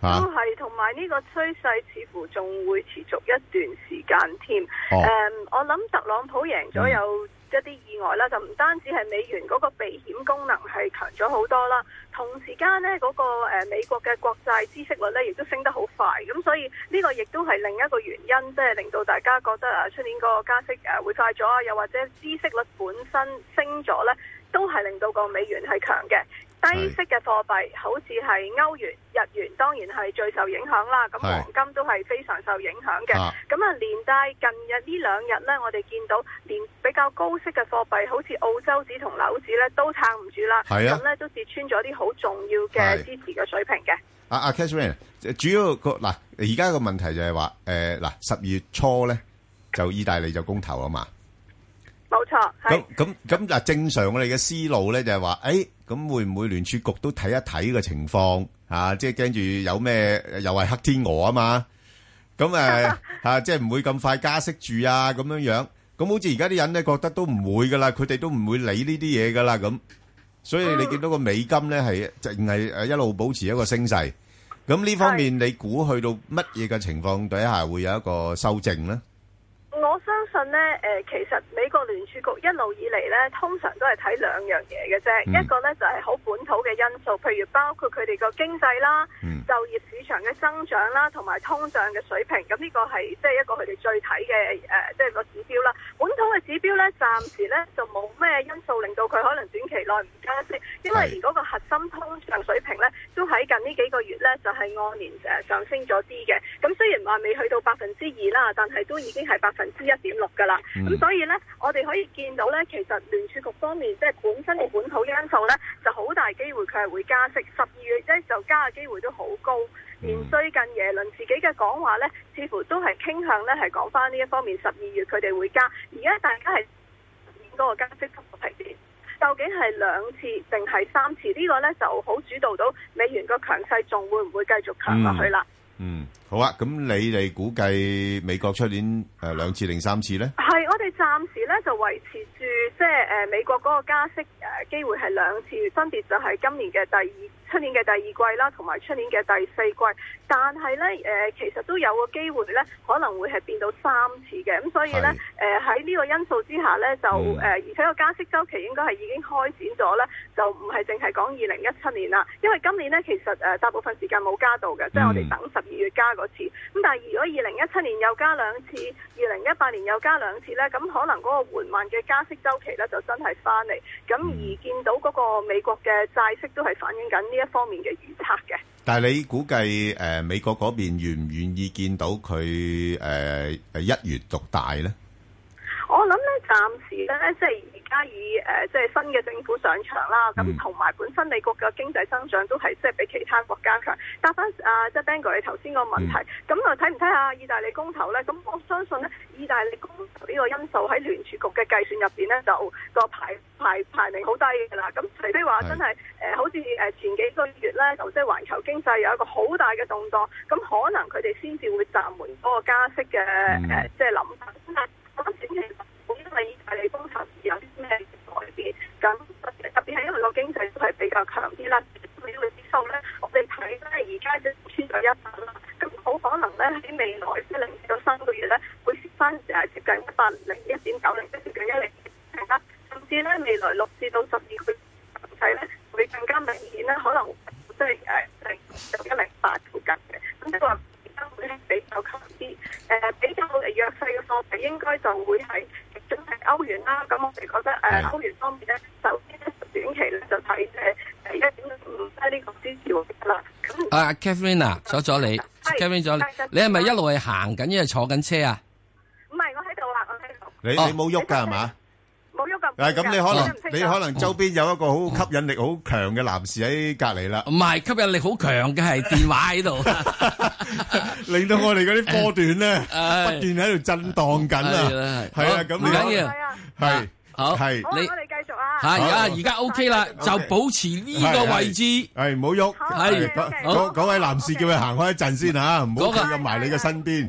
都係，同埋呢個趨勢似乎仲會持續一段時間添。誒，oh. um, 我諗特朗普贏咗有一啲意外啦，就唔單止係美元嗰個避險功能係強咗好多啦，同時間呢，嗰、那個、呃、美國嘅國債孳息率呢亦都升得好快。咁所以呢個亦都係另一個原因，即、就、係、是、令到大家覺得啊，出年嗰個加息誒會快咗啊，又或者孳息率本身升咗呢，都係令到個美元係強嘅。低息嘅貨幣好似係歐元、日元，當然係最受影響啦。咁黃金都係非常受影響嘅。咁啊的，連帶近日呢兩日咧，我哋見到連比較高息嘅貨幣，好似澳洲紙同紐紙咧，都撐唔住啦。係啊的，咁咧都跌穿咗啲好重要嘅支持嘅水平嘅。阿阿 c a s h a n 主要嗱而家個問題就係話誒嗱，十二月初咧就意大利就公投啊嘛。冇錯。咁咁咁嗱，正，正常我哋嘅思路咧就係話誒。哎咁會唔會聯儲局都睇一睇個情況吓，即係驚住有咩又係黑天鵝啊？嘛咁誒吓，即係唔會咁快加息住啊，咁樣樣咁，好似而家啲人咧覺得都唔會噶啦，佢哋都唔會理呢啲嘢噶啦咁，所以你見到個美金咧係淨係誒一路保持一個升勢。咁呢方面你估去到乜嘢嘅情況底下會有一個修正咧？我相信呢，誒、呃、其實美國聯儲局一路以嚟呢，通常都係睇兩樣嘢嘅啫，mm hmm. 一個呢，就係、是、好本土嘅因素，譬如包括佢哋個經濟啦、mm hmm. 就業市場嘅增長啦，同埋通脹嘅水平，咁呢個係即係一個佢哋最睇嘅誒，即、呃、係、就是、個指標啦。本土嘅指標咧，暫時咧就冇咩因素令到佢可能短期內唔加息，因為而嗰個核心通脹水平咧，都喺近呢幾個月咧就係按年、呃、上升咗啲嘅。咁雖然話未去到百分之二啦，但係都已經係百分之一點六㗎啦。咁所以咧，我哋可以見到咧，其實聯儲局方面即係本身嘅本土因素咧，就好大機會佢係會加息。十二月咧就加嘅機會都好高。連最近耶倫自己嘅講話呢，似乎都係傾向呢，係講翻呢一方面。十二月佢哋會加，而家大家係演嗰個加息幅度平跌，究竟係兩次定係三次？呢個呢就好主導到美元個強勢，仲會唔會繼續強落去啦？嗯，好啊。咁你哋估計美國出年誒兩次定三次呢？係啊。我哋暫時咧就維持住，即係誒、呃、美國嗰個加息誒、呃、機會係兩次，分別就係今年嘅第二、出年嘅第二季啦，同埋出年嘅第四季。但係咧誒，其實都有個機會咧，可能會係變到三次嘅。咁所以咧誒，喺、呃、呢個因素之下咧，就誒、呃，而且個加息周期應該係已經開展咗咧，就唔係淨係講二零一七年啦。因為今年咧其實誒大、呃、部分時間冇加到嘅，嗯、即係我哋等十二月加嗰次。咁但係如果二零一七年又加兩次，二零一八年又加兩次咧？咁可能嗰個緩慢嘅加息周期咧，就真係翻嚟，咁而見到嗰個美國嘅債息都係反映緊呢一方面嘅預測嘅。但係你估計誒，美國嗰邊願唔願意見到佢誒誒一月獨大咧？我諗咧，暫時咧，即係而家以誒、呃，即係新嘅政府上場啦，咁同埋本身美國嘅經濟增長都係即係比其他國家強。答翻啊，即係炳哥你頭先個問題，咁啊睇唔睇下意大利公投咧？咁我相信咧，意大利公投呢個因素喺聯儲局嘅計算入邊咧，就個排排排名好低㗎啦。咁除非話真係誒是、呃，好似誒前幾個月咧，就即係環球經濟有一個好大嘅動盪，咁可能佢哋先至會暫緩嗰個加息嘅誒，即係諗法。嗯。誒，歐元方面咧，首先咧，短期咧就睇誒，第一點咧唔得呢個支持啦。咁啊，Katherine，阻阻你，Katherine 阻你，你係咪一路係行緊，亦係坐緊車啊？唔係，我喺度啊，我喺度。你你冇喐噶係嘛？冇喐咁。啊，咁你可能你可能周邊有一個好吸引力好強嘅男士喺隔籬啦。唔係吸引力好強嘅係電話喺度，令到我哋嗰啲波段咧不斷喺度震盪緊啊！係啊，咁唔緊要，係。好係，我哋繼續啊！係啊，而家 OK 啦，就保持呢個位置。係唔好喐。係，好，嗰位男士叫佢行開一陣先吓，唔好咁近埋你嘅身邊。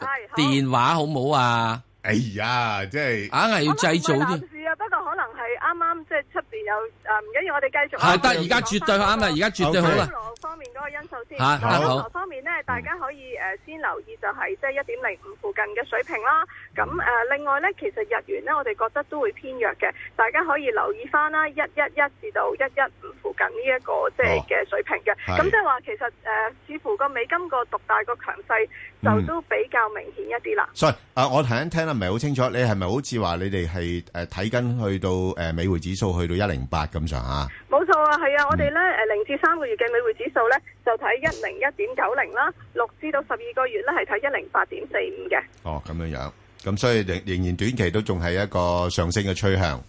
係電話好唔好啊？哎呀，即係硬係要製造添。男士啊，不過可能係啱啱即係出邊有，誒唔緊要，我哋繼續。係得，而家絕對啱啦，而家絕對好啦。方面嗰個因素先。方面咧，大家可以誒先留意，就係即係一點零五附近嘅水平啦。.咁誒，另外咧，其實日元咧，我哋覺得都會偏弱嘅。大家可以留意翻啦，一一一至到一一五附近呢、這、一個即係嘅水平嘅。咁即係話，是 其實誒、呃，似乎美個美金個獨大個強勢就都比較明顯一啲啦、嗯。所以誒，我頭先聽咧唔係好清楚，你係咪好似話你哋係誒睇緊去到誒美匯指數去到一零八咁上下？冇錯啊，係啊、嗯，我哋咧誒零至三個月嘅美匯指數咧就睇一零一點九零啦，六至到十二個月咧係睇一零八點四五嘅。哦，咁樣樣。咁所以仍仍然短期都仲係一個上升嘅趨向，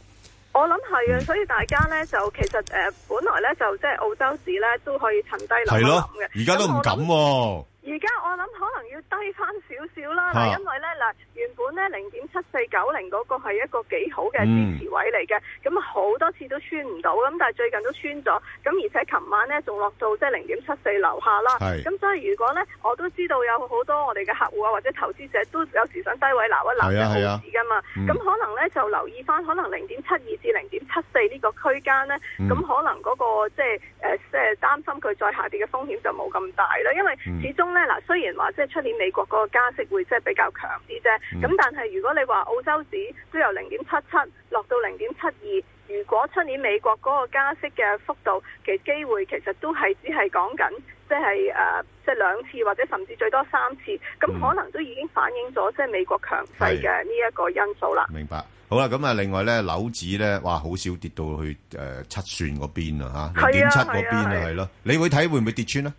我諗係啊，所以大家咧就其實誒、呃、本來咧就即係澳洲市咧都可以沉低諗一諗，而家都唔敢、啊而家我諗可能要低翻少少啦，哈因為咧嗱，原本咧零點七四九零嗰個係一個幾好嘅支持位嚟嘅，咁好、嗯、多次都穿唔到，咁但係最近都穿咗，咁而且琴晚咧仲落到即係零點七四樓下啦，咁是所以如果咧我都知道有好多我哋嘅客戶啊或者投資者都有時想低位撈一撈嘅股市噶嘛，咁、啊啊、可能咧、嗯、就留意翻可能零點七二至零點七四呢個區間咧，咁可能嗰個即係誒即係。嗯佢再下跌嘅風險就冇咁大啦，因為始終呢，嗱、嗯，雖然話即係出年美國嗰個加息會即係比較強啲啫，咁、嗯、但係如果你話澳洲指都由零點七七落到零點七二，如果出年美國嗰個加息嘅幅度，其實機會其實都係只係講緊即係誒，即係兩次或者甚至最多三次，咁、嗯、可能都已經反映咗即係美國強勢嘅呢一個因素啦。明白。好啦，咁啊，另外呢，樓指呢，哇，好少跌到去、呃、七算嗰邊啦，零點七嗰邊啊，係咯，你會睇會唔會跌穿呢？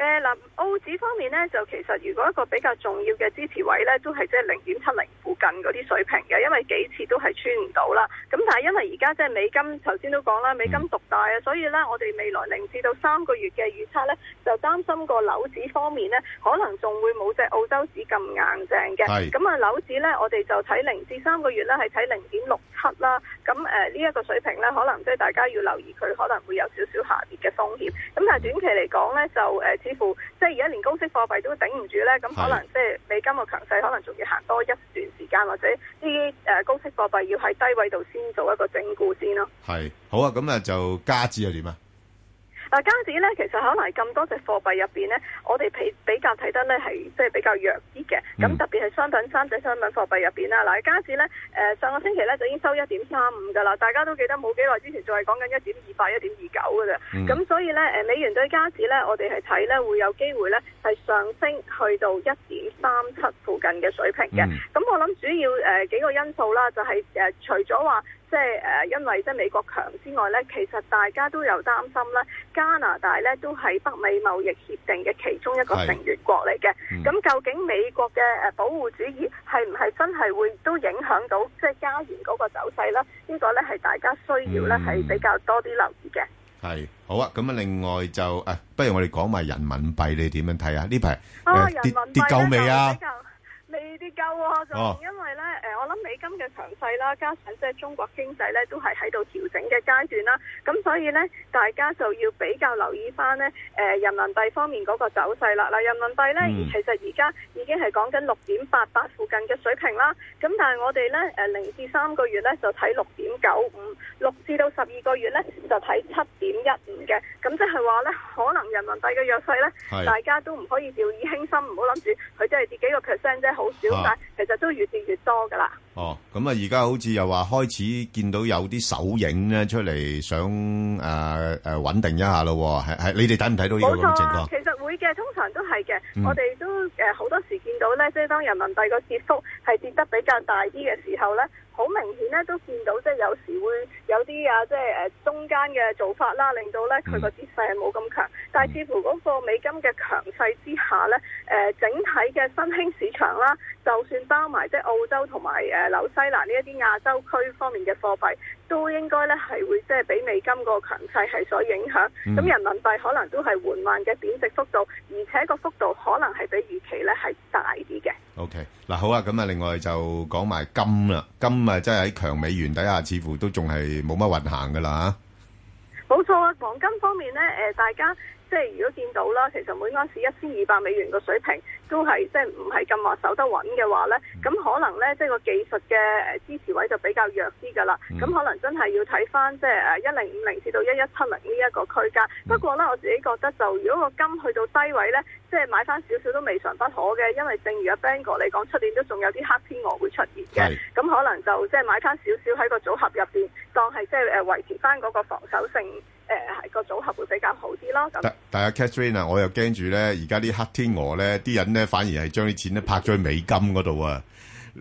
誒嗱、呃，澳紙方面咧，就其實如果一個比較重要嘅支持位咧，都係即係零點七零附近嗰啲水平嘅，因為幾次都係穿唔到啦。咁但係因為而家即係美金，頭先都講啦，美金獨大啊，所以咧，我哋未來零至到三個月嘅預測咧，就擔心個紐紙方面咧，可能仲會冇隻澳洲紙咁硬淨嘅。咁啊是，紐紙咧，我哋就睇零至三個月咧，係睇零點六七啦。咁誒呢一個水平咧，可能即係大家要留意，佢可能會有少少下跌嘅風險。咁但係短期嚟講咧，就誒。呃似乎即係而家連高息貨幣都頂唔住咧，咁可能即係美金個強勢可能仲要行多一段時間，或者啲誒高息貨幣要喺低位度先做一個整固先咯。係好啊，咁啊就加資又點啊？嗱，加紙咧，其實可能咁多隻貨幣入邊咧，我哋比比較睇得咧係即係比較弱啲嘅。咁、嗯、特別係商品、三隻商品貨幣入邊啦。嗱，加紙咧，誒、呃、上個星期咧就已經收一點三五㗎啦。大家都記得冇幾耐之前仲係講緊一點二八、一點二九㗎啫。咁所以咧，誒美元對加紙咧，我哋係睇咧會有機會咧係上升去到一點三七附近嘅水平嘅。咁、嗯、我諗主要誒、呃、幾個因素啦、就係，就係誒除咗話。即係誒，因為即係美國強之外咧，其實大家都有擔心咧。加拿大咧都係北美貿易協定嘅其中一個成員國嚟嘅。咁究竟美國嘅誒保護主義係唔係真係會都影響到即係加元嗰個走勢咧？呢個咧係大家需要咧係比較多啲留意嘅。係好啊，咁啊，另外就誒，不如我哋講埋人民幣，你點樣睇啊？呢排跌夠未啊？呢啲夠啊！仲、哦、因為咧，誒，我諗美金嘅強勢啦，加上即係中國經濟咧都係喺度調整嘅階段啦，咁所以咧，大家就要比較留意翻咧，誒、呃，人民幣方面嗰個走勢啦。嗱，人民幣咧，其實而家已經係講緊六點八八附近嘅水平啦。咁但係我哋咧，誒、呃，零至三個月咧就睇六點九五，六至到十二個月咧就睇七點一五嘅。咁即係話咧，可能人民幣嘅弱勢咧，是大家都唔可以掉以輕心，唔好諗住佢即係跌幾個 percent 啫，好。啊、其實都越變越多噶啦。哦，咁啊，而家好似又話開始見到有啲手影咧出嚟，想誒誒穩定一下咯、啊。係係你哋睇唔睇到呢個咁嘅情況？會嘅，通常都係嘅。嗯、我哋都誒好、呃、多時見到咧，即係當人民幣個跌幅係跌得比較大啲嘅時候咧，好明顯咧都見到，即係有時會有啲啊，即係誒、呃、中間嘅做法啦，令到咧佢個跌勢係冇咁強。嗯、但係似乎嗰個美金嘅強勢之下咧，誒、呃、整體嘅新興市場啦。就算包埋即係澳洲同埋誒紐西蘭呢一啲亞洲區方面嘅貨幣，都應該咧係會即係畀美金個強勢係所影響。咁、嗯、人民幣可能都係緩慢嘅貶值幅度，而且個幅度可能係比預期咧係大啲嘅。OK，嗱好啊，咁啊，另外就講埋金啦，金啊，即係喺強美元底下，似乎都仲係冇乜運行噶啦。冇錯啊，黃金方面咧，誒，大家即係如果見到啦，其實每安士一千二百美元個水平。都係即係唔係咁話守得穩嘅話呢，咁可能呢，即係個技術嘅誒支持位就比較弱啲㗎啦。咁、嗯、可能真係要睇翻即係誒一零五零至到一一七零呢一個區間。不過呢，我自己覺得就如果個金去到低位呢，即係買翻少少都未嘗不可嘅，因為正如阿 Bang 哥你講，出年都仲有啲黑天鵝會出現嘅。咁的可能就即係買翻少少喺個組合入邊，當係即係誒維持翻嗰個防守性。誒係、呃、個組合會比較好啲咯，咁但。但係啊但，Catherine 啊，我又驚住咧，而家啲黑天鵝咧，啲人咧反而係將啲錢咧拍咗去美金嗰度啊。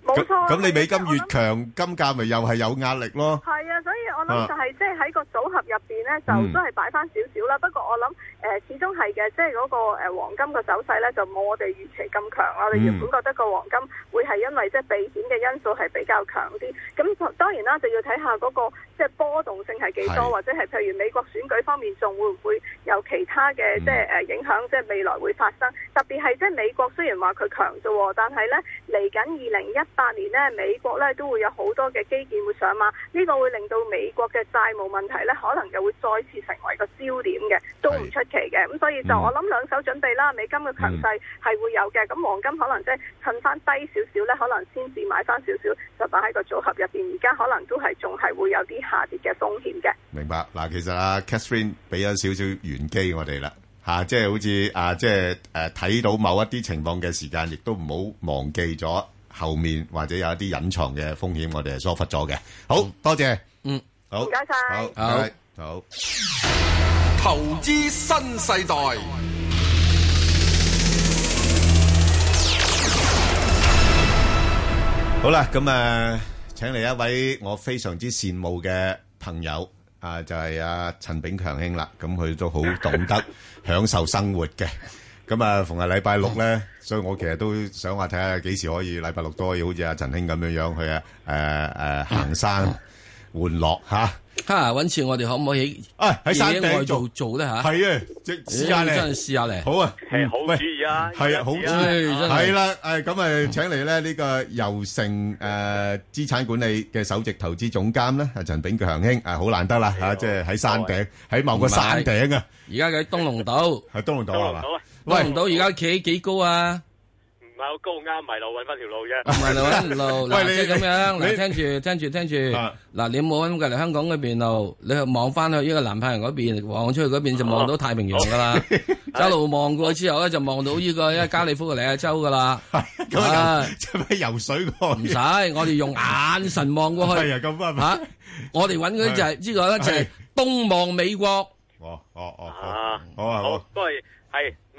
冇錯，咁可以你美金越強，想金價咪又係有壓力咯。係啊，所以我諗就係即係喺個組合入邊咧，就都係擺翻少少啦。嗯、不過我諗。誒，始終係嘅，即係嗰個誒黃金嘅走勢咧，就冇我哋預期咁強啦。我哋原本覺得個黃金，嗯、黃金會係因為即係避險嘅因素係比較強啲，咁當然啦，就要睇下嗰、嗰個即係波動性係幾多，是或者係譬如美國選舉方面仲會唔會有其他嘅即係誒影響，即係未來會發生。特別係即係美國雖然話佢強啫喎，但係咧嚟緊二零一八年咧，美國咧都會有好多嘅基建會上馬，呢、呢個會令到美國嘅債務問題咧，可能又會再次成為一個焦點嘅，都唔出期嘅咁，嗯、所以就我諗兩手準備啦。美金嘅強勢係會有嘅，咁、嗯、黃金可能即係趁翻低少少咧，可能先至買翻少少，就擺喺個組合入邊。而家可能都係仲係會有啲下跌嘅風險嘅。明白嗱，其實阿 Catherine 俾咗少少玄機我哋啦吓，即係好似啊，即係誒，睇、啊就是、到某一啲情況嘅時間，亦都唔好忘記咗後面或者有一啲隱藏嘅風險，我哋係疏忽咗嘅。好、嗯、多謝，嗯，好，唔該晒，嗯、好。投資新世代，好啦，咁誒、呃，請嚟一位我非常之羨慕嘅朋友啊，就係阿陳炳強兄啦。咁、啊、佢都好懂得享受生活嘅。咁 啊，逢係禮拜六咧， 所以我其實都想話睇下幾時可以禮拜六都可以，好似阿陳兄咁樣樣去啊，誒、啊、誒，行山玩樂吓。哈！揾次我哋可唔可以喺喺山頂做做咧吓？係啊，試下嚟，真係試下嚟。好啊，係好主意啊！係啊，好主意，真係。係啦，誒，咁誒，請嚟咧呢個悠誠誒資產管理嘅首席投資總監咧，阿陳炳強兄，誒，好難得啦吓，即係喺山頂，喺某個山頂啊。而家喺東龍島。係東龍島係嘛？東龍島，東龍島，而家企幾高啊？唔係好高，啱迷路，搵翻條路啫。迷路搵唔路，即係咁樣。嗱，聽住，聽住，聽住。嗱，你冇咁隔籬香港嗰邊路，你望翻去依個南太人嗰邊，望出去嗰邊就望到太平洋噶啦。一路望過去之後咧，就望到呢個依個加利福尼亞州噶啦。啊，即係咪游水過去？唔使，我哋用眼神望過去。係啊，咁啊吓，我哋搵佢就係，呢個咧就係東望美國。哦哦哦。好啊好。好，多係。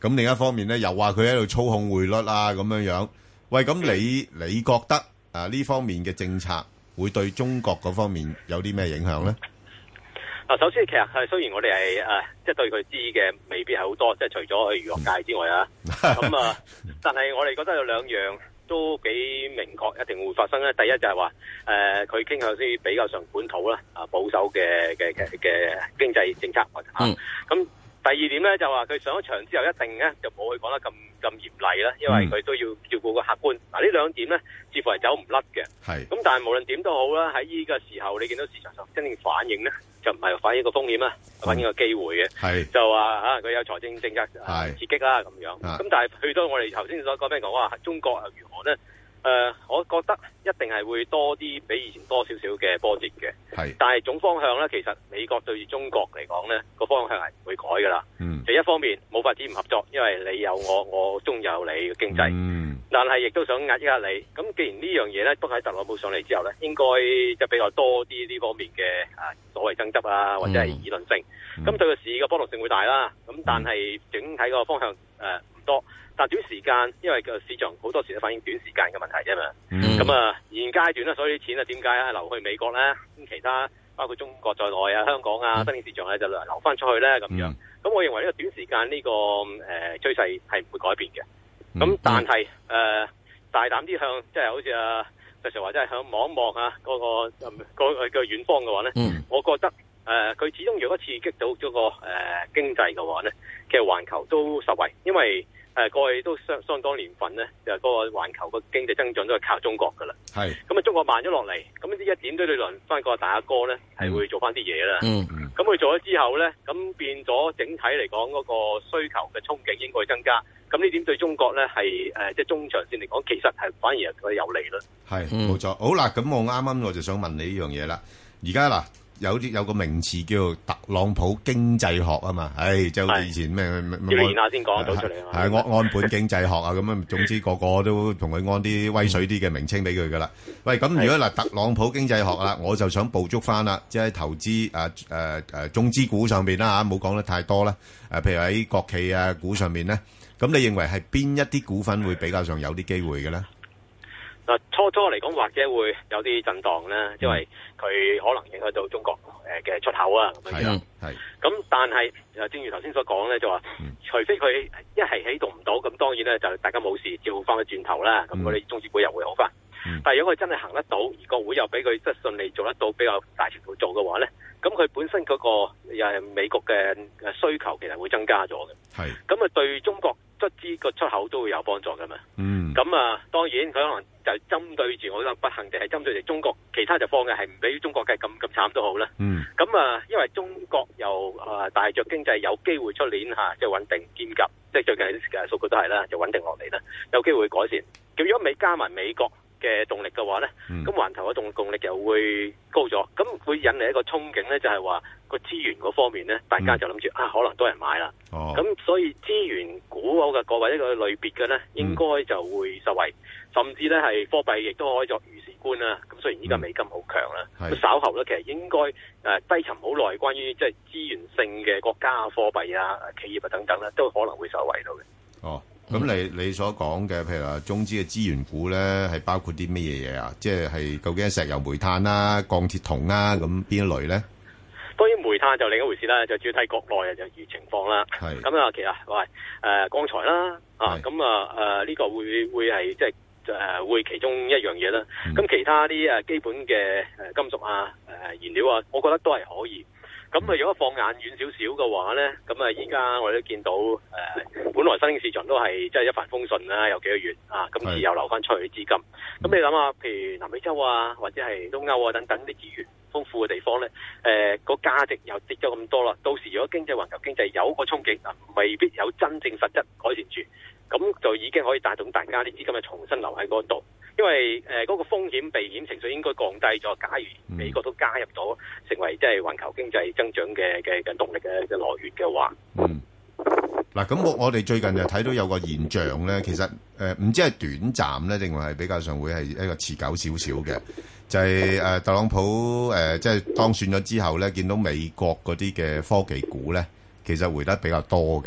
咁另一方面咧，又話佢喺度操控匯率啊，咁樣樣。喂，咁你你覺得啊呢方面嘅政策會對中國嗰方面有啲咩影響咧？啊，首先其實係雖然我哋係誒，即係對佢知嘅未必係好多，即係除咗去娛樂界之外啊。咁、嗯、啊，但係我哋覺得有兩樣都幾明確，一定會發生咧。第一就係話誒，佢、呃、傾向啲比較上本土啦，啊保守嘅嘅嘅嘅經濟政策啊。咁、嗯。第二點咧，就話佢上咗場之後一定咧就冇佢講得咁咁嚴厲啦，因為佢都要照顧個客觀嗱。呢、啊、兩點咧，似乎係走唔甩嘅。係咁是，但係無論點都好啦，喺呢個時候你見到市場上真正反應咧，就唔係反映個風險啦，嗯、反映個機會嘅。係是就話吓佢有財政政策刺激啦，咁是樣。咁是，但係去到我哋頭先所講咩，講話中國又如何咧？誒、呃，我覺得一定係會多啲比以前多少少嘅波折嘅。係是，但係總方向咧，其實美國對於中國嚟講咧，個方向係唔會改噶啦。嗯，就一方面冇法子唔合作，因為你有我，我中有你嘅經濟。嗯，但係亦都想壓抑下你。咁既然呢樣嘢咧，都喺特朗普上嚟之後咧，應該即係比較多啲呢方面嘅啊所謂爭執啊，或者係議論性。咁、嗯嗯、對個市嘅波動性會大啦。咁但係整體個方向誒唔、呃、多，但短時間，因為個市場好多時都反映短時間嘅問題啫嘛。咁啊、嗯，嗯嗯、現階段咧，所以啲錢啊，點解啊流去美國咧？咁其他包括中國在內啊、香港啊、新興市場咧，就流翻出去咧咁樣。咁、嗯嗯嗯、我認為呢個短時間呢、這個誒趨勢係唔會改變嘅。咁、嗯嗯、但係誒、呃，大膽啲向即係好似啊，就成話，即係向望一望啊嗰、那個、嗯那個遠方嘅話咧，嗯、我覺得誒佢、呃、始終如果刺激到咗、這個誒、呃、經濟嘅話咧，其實環球都受惠，因為。誒、啊、過去都相相當年份咧，就嗰、是、個環球個經濟增長都係靠中國噶啦。係咁啊，中國慢咗落嚟，咁呢一點都對輪翻嗰個大阿哥咧係會做翻啲嘢啦。嗯嗯，咁佢做咗之後咧，咁變咗整體嚟講嗰個需求嘅憧憬應該增加。咁呢點對中國咧係誒，即係、呃就是、中長線嚟講，其實係反而係佢有利咯。係冇錯。錯嗯、好啦，咁我啱啱我就想問你一呢樣嘢啦。而家嗱。有啲有個名詞叫做特朗普經濟學啊嘛，唉，就好似以前咩咩是要下先講到出嚟，係按按倍經濟學啊咁啊，總之個個都同佢安啲威水啲嘅名稱俾佢噶啦。喂，咁如果嗱的特朗普經濟學啦，我就想捕捉翻啦，即係投資誒誒誒中資股上邊啦吓，冇講得太多啦。誒、啊，譬如喺國企啊股上面咧，咁你認為係邊一啲股份會比較上有啲機會嘅咧？嗱，初初嚟講或者會有啲震盪咧，因為。佢可能影響到中國誒嘅出口啊咁樣樣，係咁、啊，但係誒正如頭先所講咧，就話、嗯、除非佢一係起動唔到，咁當然咧就大家冇事，照翻去轉頭啦。咁我哋中資股又會好翻。嗯、但係如果佢真係行得到，而個會又俾佢即係順利做得到比較大程度做嘅話咧，咁佢本身嗰個美國嘅需求其實會增加咗嘅。係咁啊，對中國。出資個出口都會有幫助噶嘛，咁、嗯、啊當然佢可能就針對住我覺得不幸定係，就是，針對住中國，其他就放嘅係唔俾中國嘅咁咁慘都好啦。咁啊、嗯，因為中國又啊、呃、大着經濟有機會出年嚇，即係穩定堅夾，即係最近啲數據都係啦，就穩定落嚟啦，有機會改善。咁如果美加埋美國嘅動力嘅話咧，咁環球嘅動動力又會高咗，咁、嗯、會引嚟一個憧憬咧，就係話個資源嗰方面咧，大家就諗住啊，可能多人買啦。哦，咁所以資源股嘅各位呢個類別嘅咧，應該就會受惠，嗯、甚至咧係貨幣亦都可以作如是觀啦。咁雖然依家美金好強啦，咁、嗯、稍後咧其實應該誒低沉好耐，關於即係資源性嘅國家貨幣啊、企業啊等等咧，都可能會受惠到嘅。哦。咁你你所講嘅，譬如話中資嘅資源股咧，係包括啲乜嘢嘢啊？即係究竟石油、煤炭啦、啊、鋼鐵、啊、銅啦，咁邊一類咧？當然煤炭就另一回事啦，就主要睇國內嘅如情況啦。係咁啊，其實喂，誒、呃、鋼材啦，是啊咁啊誒呢個會會係即係誒會其中一樣嘢啦。咁、嗯、其他啲誒基本嘅誒金屬啊，誒燃料啊，我覺得都係可以。咁啊！嗯、如果放眼遠少少嘅話呢，咁啊依家我哋都見到誒，嗯嗯、本來新興市場都係即係一帆風順啦，有幾個月啊，今次又流翻財富資金。咁的你諗下，譬如南美洲啊，或者係東歐啊等等啲資源豐富嘅地方呢，誒、呃、個價值又跌咗咁多啦。到時如果經濟環球經濟有個衝擊啊，未必有真正實質改善住。咁就已經可以帶動大家啲資金嘅重新留喺嗰度，因為誒嗰、呃那個風險避險情緒應該降低咗。假如美國都加入到成為即係環球經濟增長嘅嘅嘅動力嘅嘅來源嘅話，嗯，嗱咁我我哋最近就睇到有個現象咧，其實誒唔、呃、知係短暫咧，定係比較上會係一個持久少少嘅，就係、是、誒、呃、特朗普誒即係當選咗之後咧，見到美國嗰啲嘅科技股咧，其實回得比較多嘅。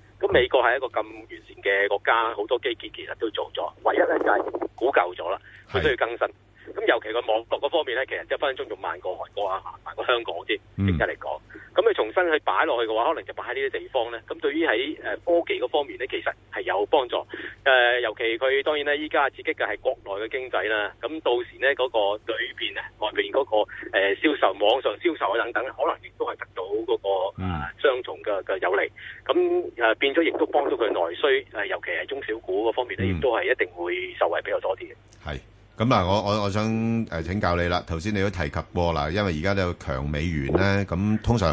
咁美國係一個咁完善嘅國家，好多基建其實都做咗，唯一咧就係古舊咗啦，佢需要更新。咁是的 尤其個網絡嗰方面咧，其實分分鐘仲慢過韓國啊，慢過香港先，依家嚟講。嗯。咁佢重新去擺落去嘅話，可能就擺喺呢啲地方咧。咁對於喺誒科技嗰方面咧，其實係有幫助。誒、呃，尤其佢當然咧，依家刺激嘅係國內嘅經濟啦。咁到時咧嗰、嗰個裏邊啊、外邊嗰個誒銷售、網上銷售啊等等，可能亦都係得到嗰個雙重嘅嘅有利。咁誒、呃、變咗亦都幫到佢內需。誒、呃，尤其係中小股嗰方面咧，亦、嗯、都係一定會受惠比較多啲嘅。係。咁啊，我我我想誒請教你啦。頭先你都提及過啦，因為而家都有強美元咧，咁通常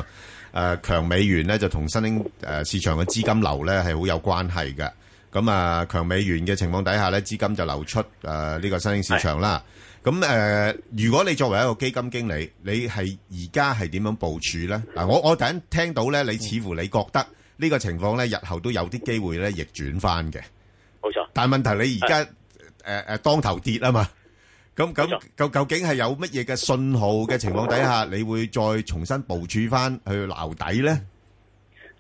誒強、呃、美元咧就同新興誒、呃、市場嘅資金流咧係好有關係嘅。咁啊，強、呃、美元嘅情況底下咧，資金就流出誒呢、呃這個新興市場啦。咁誒是、呃，如果你作為一個基金經理，你係而家係點樣部署咧？嗱、呃，我我突然聽到咧，你似乎你覺得呢個情況咧，日後都有啲機會咧逆轉翻嘅。冇錯錯，但係問題你而家誒誒當頭跌啊嘛～咁咁，那究竟係有乜嘢嘅信號嘅情況底下，你會再重新部署返去撈底呢？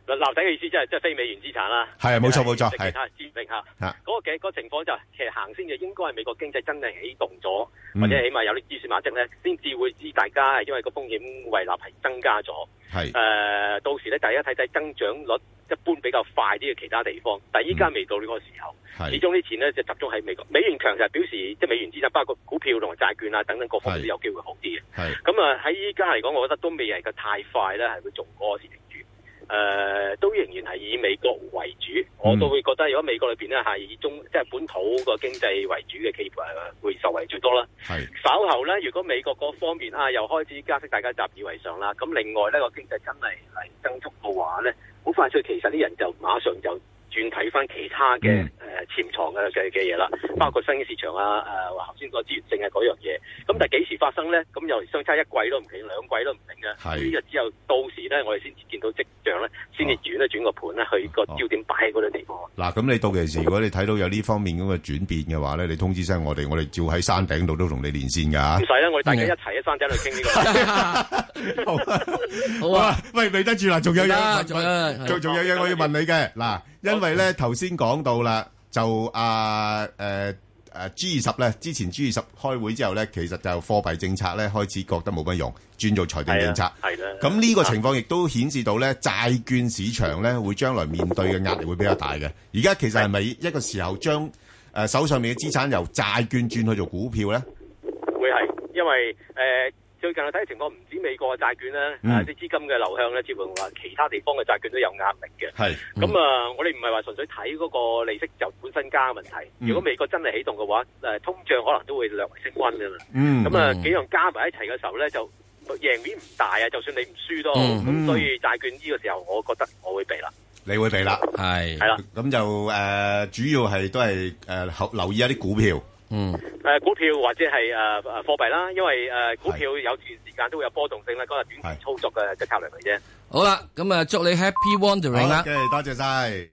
立樓底嘅意思即係即係非美元資產啦，係冇錯冇錯，係其，其他資產嚇嗰個嘅情況就是、其實行先就應該係美國經濟真係起動咗，嗯、或者起碼有啲蛛絲馬跡咧，先至會知大家係因為個風險胃納係增加咗，係誒是、呃、到時咧，大家睇睇增長率一般比較快啲嘅其他地方，但係依家未到呢個時候，始終啲錢咧就集中喺美國，美元強就表示即係美元資產，包括股票同埋債券啊等等各方面都有機會好啲嘅，係咁啊，喺依家嚟講，我覺得都未係個太快咧，係會做嗰時。誒、呃、都仍然係以美國為主，嗯、我都會覺得如果美國裏邊咧係以中即係、就是、本土個經濟為主嘅企業會主，誒回受惠最多啦。係稍後咧，如果美國嗰方面啊又開始加息，大家習以為常啦。咁另外咧個經濟真係嚟增速嘅話咧，好快脆其實啲人就馬上就。轉睇翻其他嘅誒潛藏嘅嘅嘅嘢啦，包括新興市場啊誒，話頭先講資源性嘅嗰樣嘢。咁但係幾時發生咧？咁又相差一季都唔定，兩季都唔定嘅。係呢個只有到時咧，我哋先至見到跡象咧，先至轉咧轉個盤咧，去個焦點擺喺嗰啲地方。嗱，咁你到嘅時，如果你睇到有呢方面咁嘅轉變嘅話咧，你通知聲我哋，我哋照喺山頂度都同你連線噶。唔使啦，我哋大家一齊喺山頂度傾呢個。好啊，喂，未得住嗱，仲有嘢？仲仲有嘢我要問你嘅嗱。因為咧，頭先講到啦，就啊誒誒、呃、G 二十咧，之前 G 二十開會之後咧，其實就貨幣政策咧開始覺得冇乜用，轉做財政政策。係啦。咁呢個情況亦都顯示到咧，債券市場咧會將來面對嘅壓力會比較大嘅。而家其實係咪一個時候將誒、呃、手上面嘅資產由債券轉去做股票咧？會係，因為誒。呃最近睇嘅情況唔止美國嘅債券咧，誒啲資金嘅流向咧，接連話其他地方嘅債券都有壓力嘅。係，咁啊，我哋唔係話純粹睇嗰個利息就本身加嘅問題。如果美國真係起動嘅話，誒通脹可能都會略為升溫㗎喇。咁啊幾樣加埋一齊嘅時候咧，就贏面唔大啊。就算你唔輸都，咁所以債券呢個時候，我覺得我會避啦。你會避啦，係係啦。咁就誒主要係都係誒留意一啲股票。嗯，誒，股票或者係誒誒，貨幣啦，因為誒、呃，股票有段時間都會有波動性啦，嗰日的短期操作嘅嘅策略嚟啫。好啦，咁啊，祝你 Happy Wandering 啦了。多謝晒。